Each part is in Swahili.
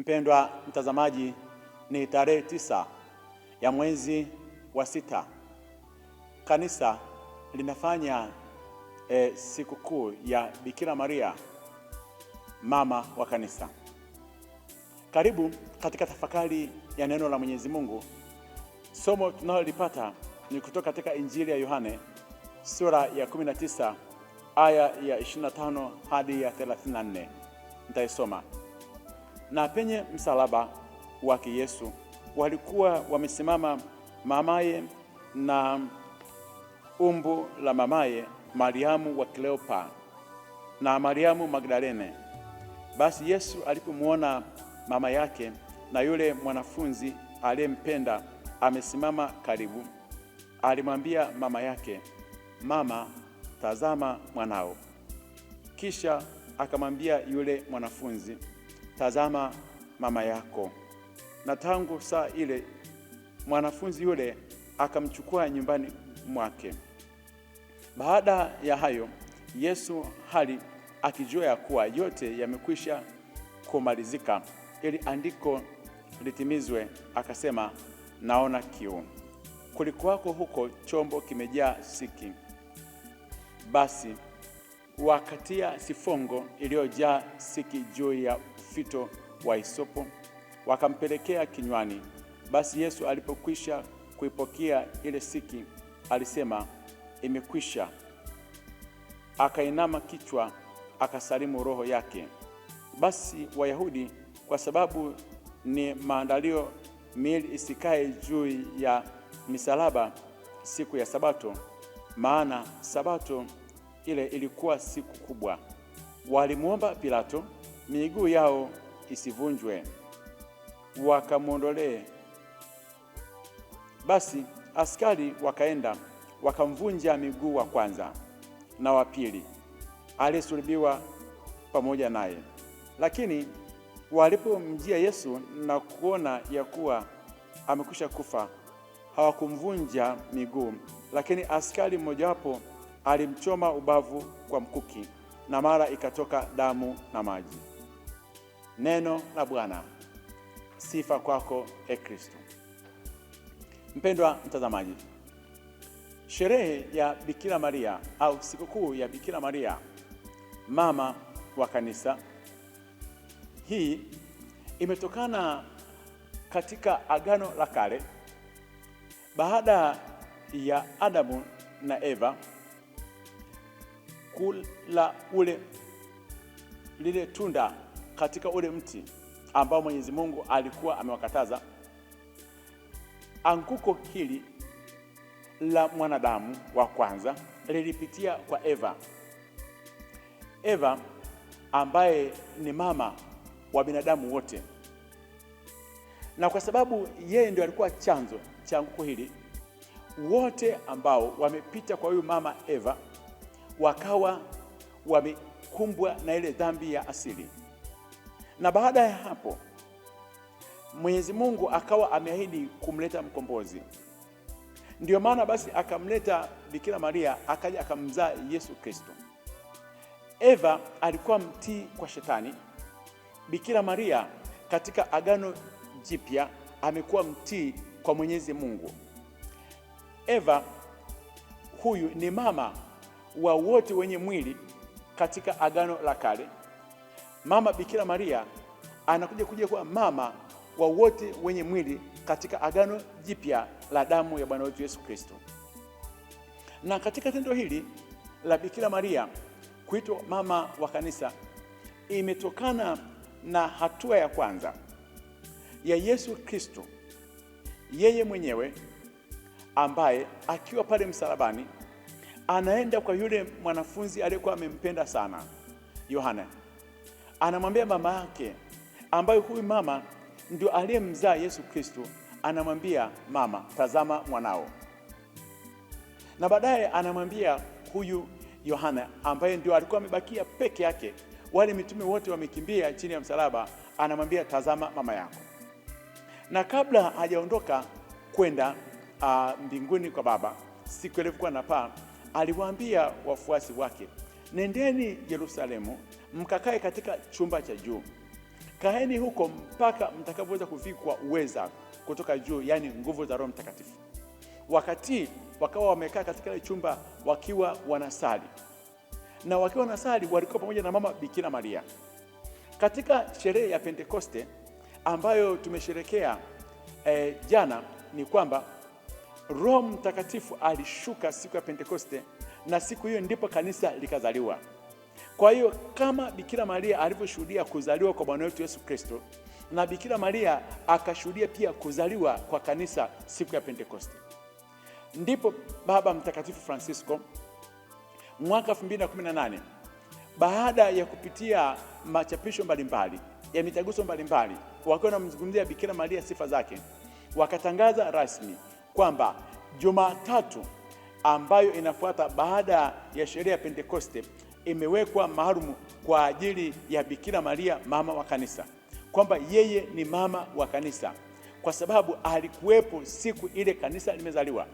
Mpendwa mtazamaji, ni tarehe tisa ya mwezi wa sita, kanisa linafanya e, sikukuu ya Bikira Maria mama wa kanisa. Karibu katika tafakari ya neno la Mwenyezi Mungu. Somo tunalolipata ni kutoka katika Injili ya Yohane sura ya 19 aya ya 25 hadi ya 34. Nitaisoma na penye msalaba wake Yesu walikuwa wamesimama mamaye na umbu la mamaye Mariamu wa Kleopa na Mariamu Magdalene. Basi Yesu alipomwona mama yake na yule mwanafunzi aliyempenda amesimama karibu, alimwambia mama yake, Mama, tazama mwanao. Kisha akamwambia yule mwanafunzi tazama mama yako. Na tangu saa ile mwanafunzi yule akamchukua nyumbani mwake. Baada ya hayo, Yesu hali akijua ya kuwa yote yamekwisha kumalizika, ili andiko litimizwe, akasema, naona kiu. Kulikuwako huko chombo kimejaa siki. Basi wakatia sifongo iliyojaa siki juu ya fito wa isopo wakampelekea kinywani. Basi Yesu alipokwisha kuipokea ile siki, alisema imekwisha, akainama kichwa akasalimu roho yake. Basi Wayahudi kwa sababu ni maandalio miili isikae juu ya misalaba siku ya Sabato, maana Sabato ile ilikuwa siku kubwa. Walimwomba Pilato miguu yao isivunjwe, wakamwondolee. Basi askari wakaenda wakamvunja miguu wa kwanza na wa pili aliyesulubiwa pamoja naye. Lakini walipomjia Yesu na kuona ya kuwa amekwisha kufa, hawakumvunja miguu. Lakini askari mmojawapo alimchoma ubavu kwa mkuki na mara ikatoka damu na maji. Neno la Bwana. Sifa kwako e Kristo. Mpendwa mtazamaji, sherehe ya Bikira Maria au sikukuu ya Bikira Maria mama wa kanisa, hii imetokana katika Agano la Kale baada ya Adamu na Eva kula ule lile tunda katika ule mti ambao Mwenyezi Mungu alikuwa amewakataza. Anguko hili la mwanadamu wa kwanza lilipitia kwa Eva. Eva ambaye ni mama wa binadamu wote, na kwa sababu yeye ndio alikuwa chanzo cha anguko hili, wote ambao wamepita kwa huyu mama Eva wakawa wamekumbwa na ile dhambi ya asili, na baada ya hapo Mwenyezi Mungu akawa ameahidi kumleta mkombozi. Ndiyo maana basi akamleta Bikira Maria, akaja akamzaa Yesu Kristo. Eva alikuwa mtii kwa Shetani. Bikira Maria katika Agano Jipya amekuwa mtii kwa Mwenyezi Mungu. Eva huyu ni mama wa wote wenye mwili katika Agano la Kale. Mama Bikira Maria anakuja kuja kuwa mama wa wote wenye mwili katika Agano Jipya la damu ya Bwana wetu Yesu Kristo. Na katika tendo hili la Bikira Maria kuitwa mama wa kanisa imetokana na hatua ya kwanza ya Yesu Kristo yeye mwenyewe ambaye akiwa pale msalabani anaenda kwa yule mwanafunzi aliyekuwa amempenda sana Yohana, anamwambia mama yake, ambayo huyu mama ndio aliyemzaa Yesu Kristo, anamwambia mama, tazama mwanao. Na baadaye anamwambia huyu Yohana ambaye ndio alikuwa amebakia peke yake, wale mitume wote wamekimbia chini ya msalaba, anamwambia tazama mama yako. Na kabla hajaondoka kwenda ah, mbinguni kwa Baba siku alivyokuwa napaa aliwaambia wafuasi wake, nendeni Yerusalemu mkakae katika chumba cha juu, kaeni huko mpaka mtakapoweza kuvikwa uweza kutoka juu, yaani nguvu za Roho Mtakatifu. Wakati wakawa wamekaa katika ile chumba wakiwa wanasali, na wakiwa wanasali walikuwa pamoja na mama Bikira Maria. Katika sherehe ya Pentekoste ambayo tumesherekea eh, jana, ni kwamba Roho Mtakatifu alishuka siku ya Pentekoste na siku hiyo ndipo kanisa likazaliwa. Kwa hiyo kama Bikira Maria alivyoshuhudia kuzaliwa kwa Bwana wetu Yesu Kristo, na Bikira Maria akashuhudia pia kuzaliwa kwa kanisa siku ya Pentekoste. Ndipo Baba Mtakatifu Francisco mwaka 2018 baada ya kupitia machapisho mbalimbali ya mitaguso mbalimbali wakiwa wanamzungumzia Bikira Maria sifa zake, wakatangaza rasmi kwamba Jumatatu ambayo inafuata baada ya sherehe ya Pentekoste imewekwa maalum kwa ajili ya Bikira Maria mama wa kanisa, kwamba yeye ni mama wa kanisa kwa sababu alikuwepo siku ile kanisa limezaliwa,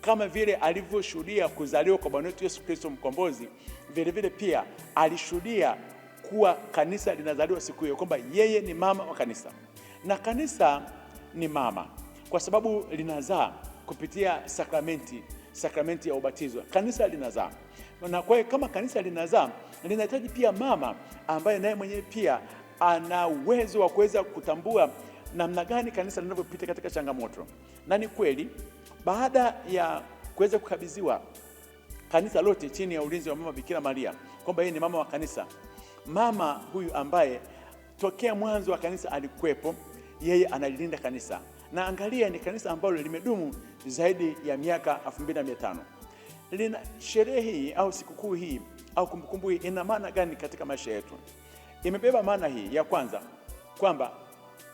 kama vile alivyoshuhudia kuzaliwa kwa Bwana wetu Yesu Kristo mkombozi. Vile vile pia alishuhudia kuwa kanisa linazaliwa siku hiyo, kwamba yeye ni mama wa kanisa na kanisa ni mama kwa sababu linazaa kupitia sakramenti, sakramenti ya ubatizo. Kanisa linazaa, na kwa hiyo kama kanisa linazaa, linahitaji pia mama ambaye naye mwenyewe pia ana uwezo wa kuweza kutambua namna gani kanisa linavyopita katika changamoto. Na ni kweli baada ya kuweza kukabidhiwa kanisa lote chini ya ulinzi wa mama Bikira Maria kwamba yeye ni mama wa kanisa, mama huyu ambaye tokea mwanzo wa kanisa alikuwepo, yeye analilinda kanisa na angalia, ni kanisa ambalo limedumu zaidi ya miaka 2500. Lina sherehe hii au sikukuu hii au kumbukumbu hii ina maana gani katika maisha yetu? Imebeba maana hii ya kwanza kwamba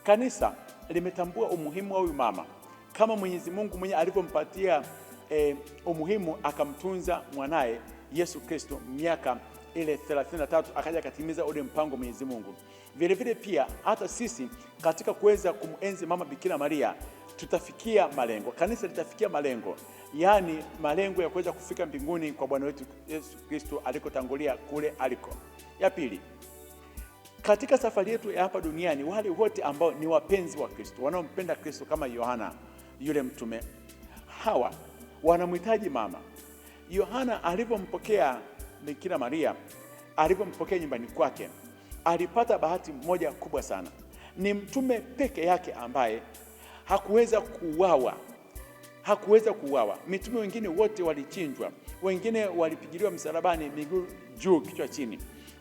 kanisa limetambua umuhimu wa huyu mama kama Mwenyezi Mungu mwenye alivyompatia eh, umuhimu akamtunza mwanaye Yesu Kristo miaka ile 33 akaja akatimiza ule mpango Mwenyezi Mungu. Vile vile pia hata sisi katika kuweza kumenzi mama Bikira Maria tutafikia malengo, kanisa litafikia malengo, yaani malengo ya kuweza kufika mbinguni kwa Bwana wetu Yesu Kristo alikotangulia kule aliko. Ya pili, katika safari yetu ya hapa duniani, wale wote ambao ni wapenzi wa Kristo, wanaompenda Kristo kama Yohana yule mtume, hawa wanamhitaji mama. Yohana alivyompokea Bikira Maria alipompokea nyumbani kwake, alipata bahati moja kubwa sana. Ni mtume peke yake ambaye hakuweza kuuawa, hakuweza kuuawa. Mitume wengine wote walichinjwa, wengine walipigiliwa msalabani, miguu juu, kichwa chini.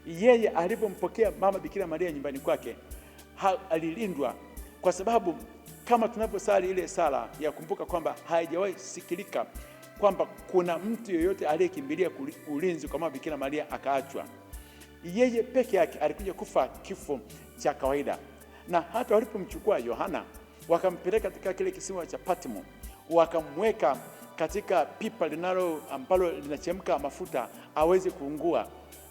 Yeye alipompokea mama Bikira Maria nyumbani kwake, alilindwa kwa sababu kama tunavyosali ile sala ya kumbuka kwamba haijawahi sikilika kwamba kuna mtu yeyote aliyekimbilia ulinzi kama Bikira Maria akaachwa. Yeye peke yake alikuja kufa kifo cha kawaida, na hata walipomchukua Yohana wakampeleka katika kile kisima cha Patmo, wakamweka katika pipa linalo ambalo linachemka mafuta aweze kuungua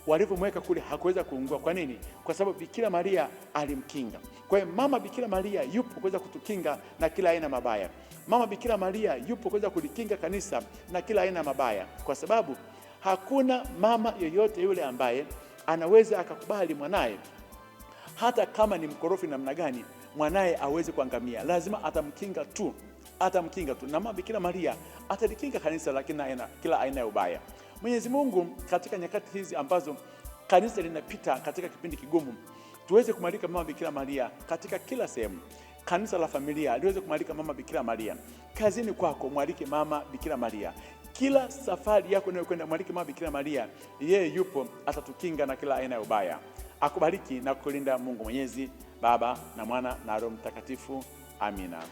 walivyomweka kule hakuweza kuungua. Kwa nini? Kwa sababu Bikira Maria alimkinga. Kwa hiyo mama Bikira Maria yupo kuweza kutukinga na kila aina mabaya. Mama Bikira Maria yupo kuweza kulikinga kanisa na kila aina mabaya, kwa sababu hakuna mama yoyote yule ambaye anaweza akakubali mwanaye hata kama ni mkorofi namna gani, mwanaye aweze kuangamia. Lazima atamkinga tu, atamkinga tu, na mama Bikira Maria atalikinga kanisa la kila aina ya ubaya. Mwenyezi Mungu katika nyakati hizi ambazo kanisa linapita katika kipindi kigumu, tuweze kumwalika mama Bikira Maria katika kila sehemu. Kanisa la familia liweze kumwalika mama Bikira Maria. Kazini kwako mwalike mama Bikira Maria. Kila safari yako unayokwenda mwalike mama Bikira Maria. Yeye yupo, atatukinga na kila aina ya ubaya. Akubariki na kulinda Mungu Mwenyezi, Baba na Mwana na Roho Mtakatifu. Amina.